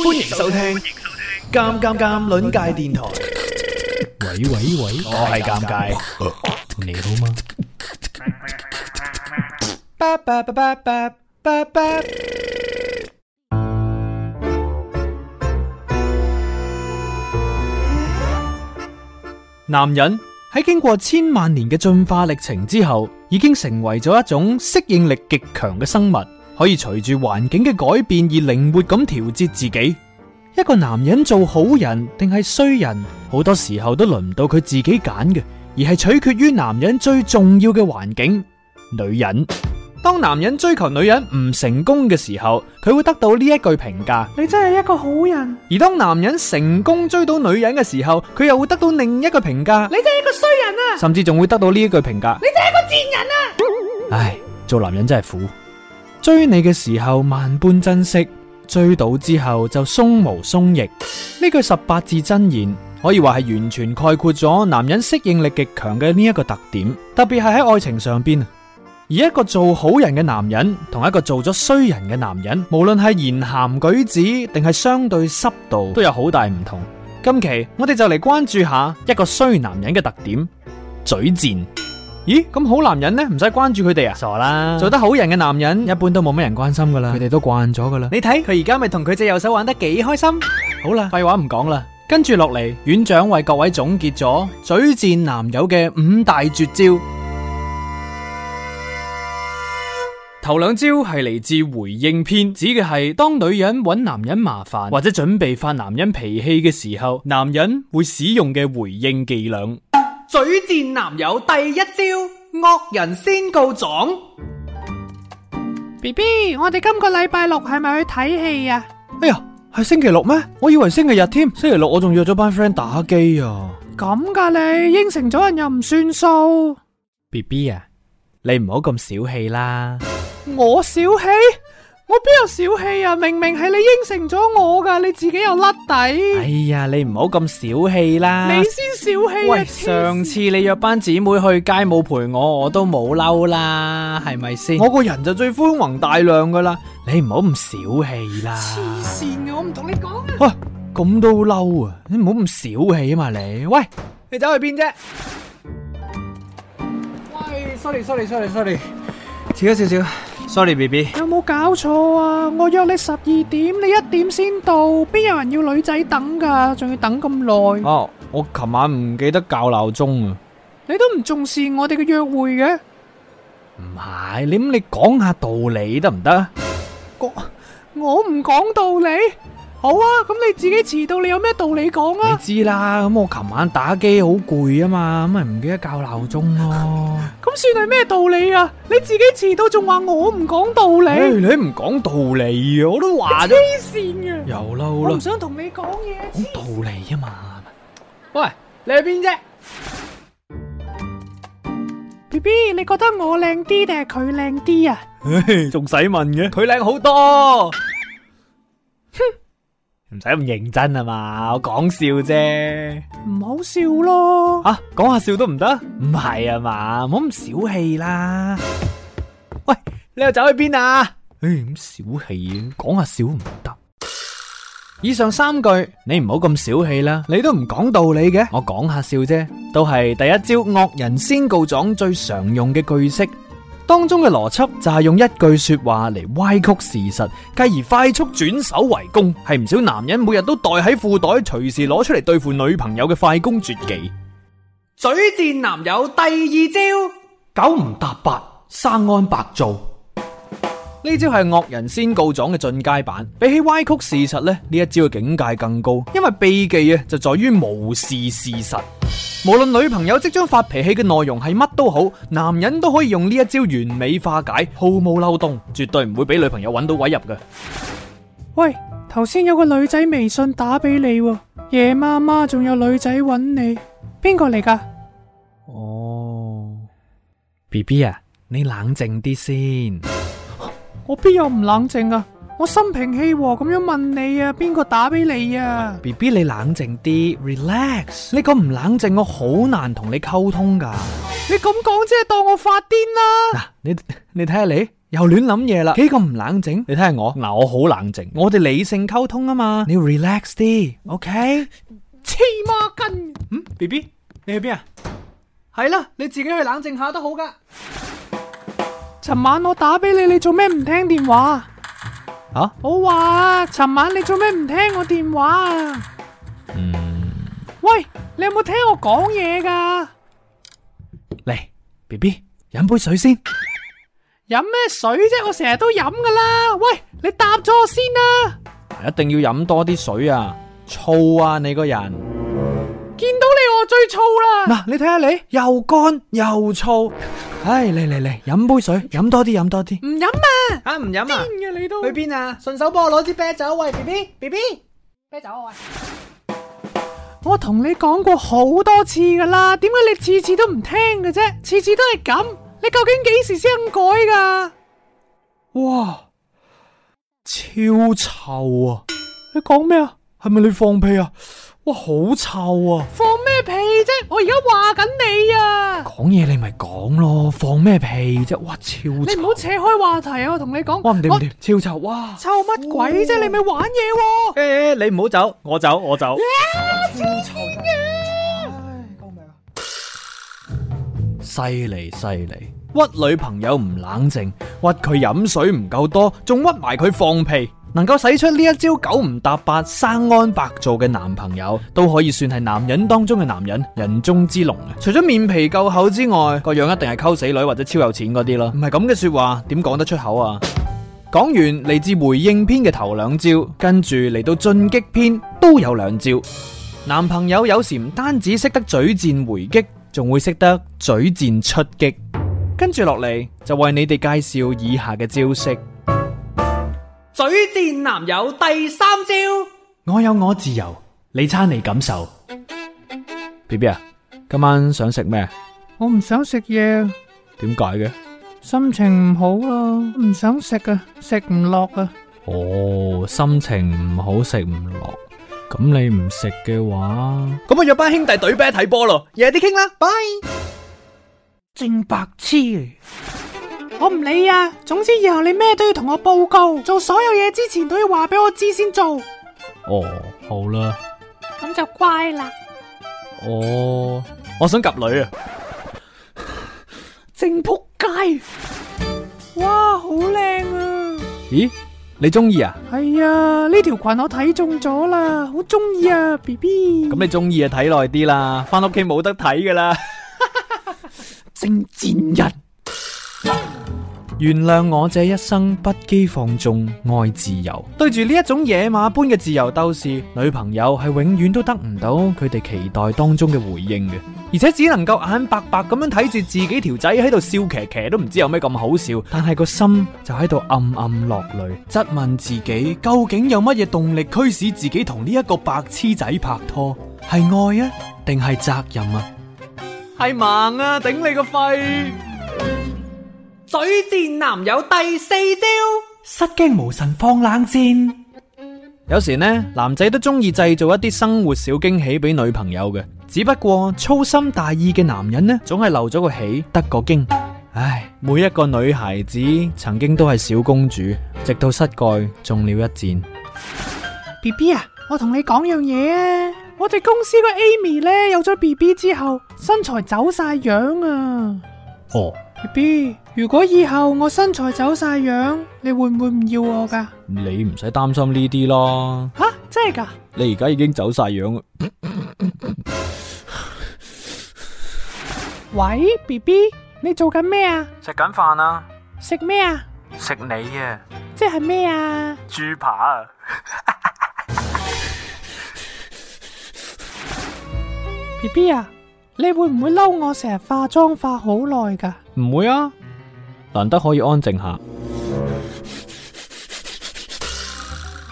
歡迎收聽《尷尷尷》論界電台。喂喂喂，喂喂我係尷尬，你好嗎？男人喺經過千萬年嘅進化歷程之後，已經成為咗一種適應力極強嘅生物。可以隨住環境嘅改變而靈活咁調節自己。一個男人做好人定係衰人，好多時候都輪唔到佢自己揀嘅，而係取決於男人最重要嘅環境——女人。當男人追求女人唔成功嘅時候，佢會得到呢一句評價：你真係一個好人。而當男人成功追到女人嘅時候，佢又會得到另一個評價：你真係一個衰人啊！甚至仲會得到呢一句評價：你真係一個賤人啊！唉，做男人真係苦。追你嘅時候萬般珍惜，追到之後就鬆毛鬆翼。呢句十八字真言可以話係完全概括咗男人適應力極強嘅呢一個特點，特別係喺愛情上邊。而一個做好人嘅男人，同一個做咗衰人嘅男人，無論係言談舉止定係相對濕度，都有好大唔同。今期我哋就嚟關注下一個衰男人嘅特點：嘴賤。咦，咁好男人呢？唔使關注佢哋啊？傻啦了，做得好人嘅男人，一般都冇乜人關心噶啦，佢哋都慣咗噶啦。你睇佢而家咪同佢隻右手玩得幾開心？好啦，廢話唔講啦，跟住落嚟，院長為各位總結咗嘴賤男友嘅五大絕招。頭兩招係嚟自回應篇，指嘅係當女人揾男人麻煩或者準備發男人脾氣嘅時候，男人會使用嘅回應伎倆。嘴賤男友第一招，惡人先告狀。B B，我哋今個禮拜六係咪去睇戲啊？哎呀，係星期六咩？我以為星期日添。星期六我仲約咗班 friend 打機啊。咁噶你，應承咗人又唔算數。B B 啊，你唔好咁小氣啦。我小氣？我邊有小氣啊！明明係你應承咗我噶，你自己又甩底。哎呀，你唔好咁小氣啦！你先小氣啊。喂，上次你約班姊妹去街舞陪我，我都冇嬲啦，係咪先？我個人就最寬宏大量噶啦，你唔好咁小氣啦。黐線嘅，我唔同你講。吓，咁都嬲啊！啊你唔好咁小氣啊嘛，你。喂，你走去邊啫？喂，sorry，sorry，sorry，sorry，遲咗少少。Sorry, sorry, sorry, sorry. 多謝 B B，有冇搞錯啊？我約你十二點，你一點先到，邊有人要女仔等噶？仲要等咁耐？哦，我琴晚唔記得較鬧鐘啊！你都唔重視我哋嘅約會嘅？唔係，你咁你講下道理得唔得？我我唔講道理。好啊，咁你自己遲到，你有咩道理講啊？知啦，咁我琴晚打機好攰啊嘛，咁咪唔記得校鬧鐘咯。咁 算係咩道理啊？你自己遲到仲話我唔講道理？你唔講道理，啊，我都話咗黐線嘅。又嬲啦！我唔想同你講嘢。講道理啊嘛！啊喂，你去邊啫？B B，你覺得我靚啲定係佢靚啲啊？仲使問嘅？佢靚好多。哼！ 唔使咁認真啊嘛，我講笑啫，唔好笑咯。吓，講下笑都唔得，唔係啊嘛，唔好咁小氣啦。喂，你又走去邊啊？唉，咁小氣，講下笑都唔得。以上三句，你唔好咁小氣啦，你都唔講道理嘅，我講下笑啫，都係第一招惡人先告狀最常用嘅句式。當中嘅邏輯就係用一句說話嚟，歪曲事實，繼而快速轉手為攻，係唔少男人每日都袋喺褲袋，隨時攞出嚟對付女朋友嘅快攻絕技。嘴賤男友第二招，九唔搭八，生安白做。.呢招係惡人先告狀嘅進階版，比起歪曲事實呢，呢一招嘅境界更高。因為秘技啊，就在於無視事實。無論女朋友即將發脾氣嘅內容係乜都好，男人都可以用呢一招完美化解，毫無漏洞，絕對唔會俾女朋友揾到位入嘅。喂，頭先有個女仔微信打俾你，夜媽媽仲有女仔揾你，邊個嚟噶？哦，BB 啊，你冷靜啲先。我邊有唔冷靜啊！我心平氣和咁樣問你啊，邊個打俾你啊？B B 你冷靜啲，relax。你咁唔冷靜，我好難同你溝通噶。你咁講即係當我發癲啦、啊！嗱、啊，你你睇下你又亂諗嘢啦，幾咁唔冷靜？你睇下我，嗱我好冷靜，我哋理性溝通啊嘛。你要 relax 啲，OK？黐孖筋，嗯？B B 你去邊啊？係啦，你自己去冷靜下都好噶。尋晚我打俾你，你做咩唔聽電話啊？啊！我話尋晚你做咩唔聽我電話啊？嗯、喂，你有冇聽我講嘢噶？嚟，B B，飲杯水先。飲咩水啫？我成日都飲噶啦。喂，你答咗我先啦、啊。一定要飲多啲水啊！燥啊，你個人。見到你我最燥啦。嗱、啊，你睇下你，又乾又燥。唉，嚟嚟嚟，飲杯水，飲多啲，飲多啲，唔飲啊，吓唔飲啊，啊癲嘅、啊、你都去邊啊？順手幫我攞支啤酒，喂 B B B B，啤酒啊！寶寶寶寶寶寶，喂，我同你講過好多次噶啦，點解你次次都唔聽嘅啫？次次都係咁，你究竟幾時先改噶？哇，超臭啊！你講咩啊？係咪你放屁啊？哇，好臭啊！放咩屁啫啊？我而家話緊你啊！講嘢你咪講咯，放咩屁啫啊？哇，超臭啊！你唔好扯開話題啊！我同你講，哇，我唔掂唔掂，超臭哇！臭乜鬼啫？你咪玩嘢喎！誒，你唔好走，我走我走。啊，超臭嘅！唉，講咩啊？犀利犀利，屈女朋友唔冷靜，屈佢飲水唔夠多，仲屈埋佢放屁。能夠使出呢一招九唔搭八生安白做嘅男朋友，都可以算係男人當中嘅男人、人中之龍啊！除咗面皮夠厚之外，個樣一定係溝死女或者超有錢嗰啲咯。唔係咁嘅說話，點講得出口啊？講完嚟，自回應篇嘅頭兩招，跟住嚟到進擊篇都有兩招。男朋友有時唔單止識得嘴戰回擊，仲會識得嘴戰出擊。跟住落嚟就為你哋介紹以下嘅招式。水戰男友第三招，我有我自由，你差你感受。B B 啊，今晚想食咩？我唔想食嘢。點解嘅？心情唔好咯，唔想食啊，食唔落啊。啊哦，心情唔好食唔落，咁你唔食嘅話，咁我約班兄弟隊啤睇波咯，夜啲傾啦，拜 Bye。正白痴。我唔理啊！總之以後你咩都要同我報告，做所有嘢之前都要話俾我知先做。哦，好啦，咁就乖啦。哦，我想夾女啊！ 正仆街！哇，好靚啊！咦，你中意啊？係啊，呢條裙我睇中咗啦，好中意啊，BB。咁你中意就睇耐啲啦，返屋企冇得睇噶啦。 正賤人。原諒我這一生不羈放縱愛自由，對住呢一種野馬般嘅自由鬥士，女朋友係永遠都得唔到佢哋期待當中嘅回應嘅，而且只能夠眼白白咁樣睇住自己條仔喺度笑騎騎，都唔知有咩咁好笑，但係個心就喺度暗暗落淚，質問自己究竟有乜嘢動力驅使自己同呢一個白痴仔拍拖？係愛啊，定係責任啊？係盲啊，頂你個肺！嘴賤男友第四招：失驚無神放冷箭。有時呢，男仔都中意製造一啲生活小驚喜俾女朋友嘅。只不過粗心大意嘅男人呢，總係漏咗個喜，得個驚。唉，每一個女孩子曾經都係小公主，直到膝蓋中了一箭。B B 啊，我同你講樣嘢啊，我哋公司個 Amy 呢，有咗 B B 之後，身材走晒樣啊。哦。B B，如果以後我身材走晒樣，你會唔會唔要我噶？你唔使擔心呢啲囉。吓、啊，真係噶？你而家已經走晒樣啦。 喂，B B，你做緊咩啊？食緊飯啊。食咩啊？食你啊！即係咩啊？豬扒。B B 啊，你會唔會嬲我成日化妝化好耐噶？唔會啊，難得可以安靜下。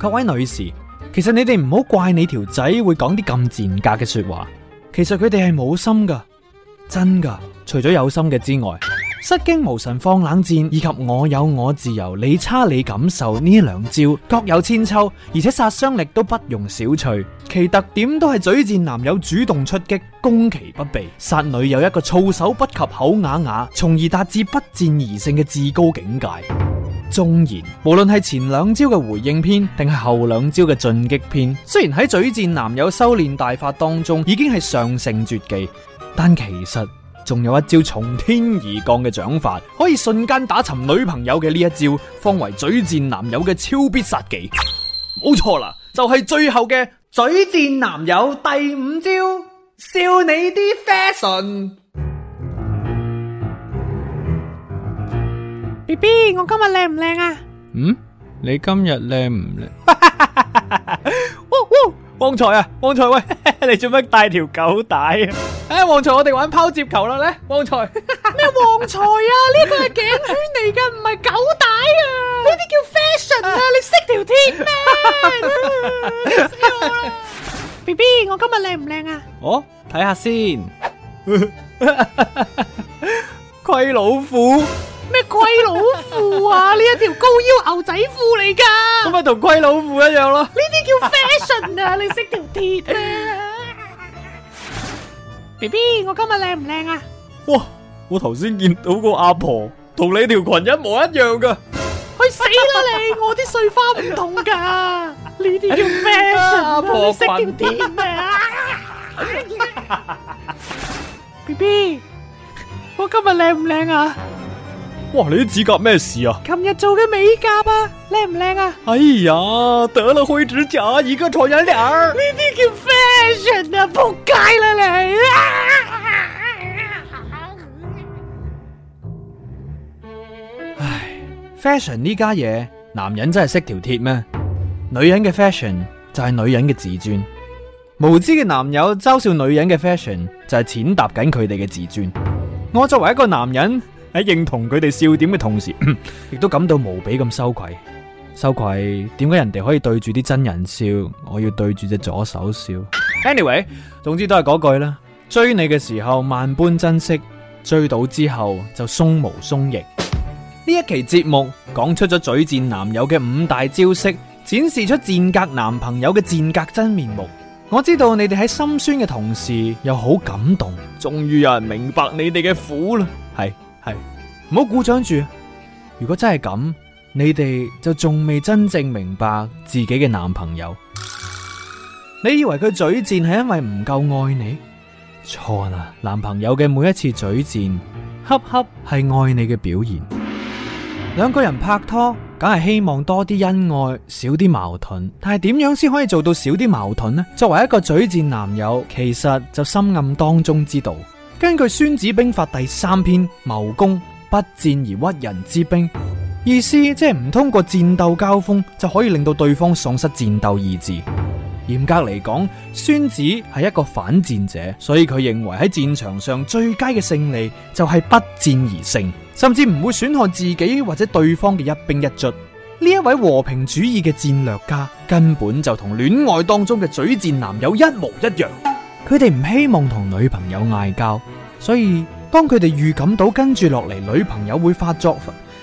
各位女士，其實你哋唔好怪你條仔會講啲咁賤格嘅說話，其實佢哋係冇心㗎，真㗎。除咗有心嘅之外。失驚無神放冷箭，以及我有我自由，你差你感受，呢兩招各有千秋，而且殺傷力都不容小覷。其特點都係嘴賤男友主動出擊，攻其不備，殺女友一個措手不及口雅雅，口啞啞，從而達至不戰而勝嘅至高境界。縱然無論係前兩招嘅回應篇，定係後兩招嘅進擊篇，雖然喺嘴賤男友修煉大法當中已經係上乘絕技，但其實。仲有一招從天而降嘅掌法，可以瞬間打沉女朋友嘅呢一招，方為嘴賤男友嘅超必殺技。冇錯啦，就係最後嘅嘴賤男友第五招，笑你啲 fashion。BB，我今日靚唔靚啊？嗯，你今日靚唔靚？ 旺財啊，旺財喂，你做咩帶條狗帶啊？誒、欸，旺財，我哋玩拋接球啦咧！旺財咩旺財啊？呢個係頸圈嚟噶，唔係狗帶啊！呢啲 叫 fashion 啊！ 你識條鐵咩？BB，我今日靚唔靚啊？哦，睇下先，虧 老虎龜佬褲啊！呢一條高腰牛仔褲嚟噶，咁咪同龜佬褲一樣咯。呢啲叫 fashion 啊！你識條鐵咩？B B，我今日靚唔靚啊？哇！我頭先見到個阿婆同你條裙一模一樣噶，去死啦你！我啲碎花唔同噶，呢啲叫咩啊？阿婆，識條鐵咩？B B，我今日靚唔靚啊？哇！你啲指甲咩事啊？琴日做嘅美甲啊，靚唔靚啊？哎呀，得了灰指甲，一個醜人臉，呢啲叫 fashion 啊，撲，仆街啦你！ 唉，fashion 呢家嘢，男人真係識條鐵咩？女人嘅 fashion 就係女人嘅自尊，無知嘅男友嘲笑女人嘅 fashion 就係踐踏緊佢哋嘅自尊。我作為一個男人。喺認同佢哋笑點嘅同時，亦都 感到無比咁羞愧。羞愧，點解人哋可以對住啲真人笑，我要對住隻左手笑？Anyway，總之都係嗰句啦。追你嘅時候萬般珍惜，追到之後就鬆毛鬆翼。呢一期節目講出咗嘴賤男友嘅五大招式，展示出賤格男朋友嘅賤格真面目。我知道你哋喺心酸嘅同時，又好感動，終於有人明白你哋嘅苦啦。係。唔好鼓掌住，如果真係咁，你哋就仲未真正明白自己嘅男朋友。你以為佢嘴賤係因為唔夠愛你？錯啦，男朋友嘅每一次嘴賤，恰恰係愛你嘅表現。兩 個人拍拖，梗係希望多啲恩愛，少啲矛盾。但係點樣先可以做到少啲矛盾呢？作為一個嘴賤男友，其實就深暗當中知道。根據《孫子兵法》第三篇《謀攻》，不戰而屈人之兵，意思即係唔通過戰鬥交鋒就可以令到對方喪失戰鬥意志。嚴格嚟講，孫子係一個反戰者，所以佢認為喺戰場上最佳嘅勝利就係不戰而勝，甚至唔會損害自己或者對方嘅一兵一卒。呢一位和平主義嘅戰略家，根本就同戀愛當中嘅嘴戰男友一模一樣。佢哋唔希望同女朋友嗌交，所以當佢哋預感到跟住落嚟，女朋友會發作，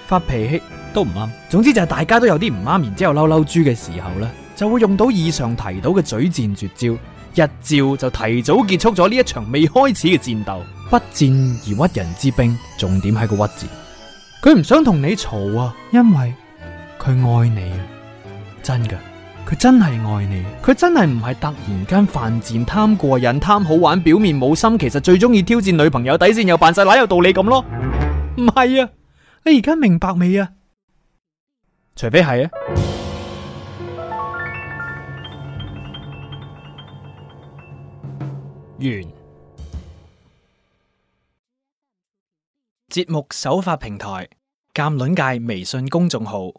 發脾氣都唔啱，總之就係大家都有啲唔啱，然之後嬲嬲豬嘅時候呢，就會用到以上提到嘅嘴戰絕招，一招就提早結束咗呢一場未開始嘅戰鬥。不戰而屈人之兵，重點係個屈字。佢唔想同你吵啊，因為佢愛你啊，真噶。.佢真係愛你，佢真係唔係突然間犯賤、貪過癮、貪好玩，表面冇心，其實最中意挑戰女朋友底線又扮晒奶，有道理咁咯？唔係啊，你而家明白未啊？除非係啊，完。節目首發平台：鑑卵界微信公眾號。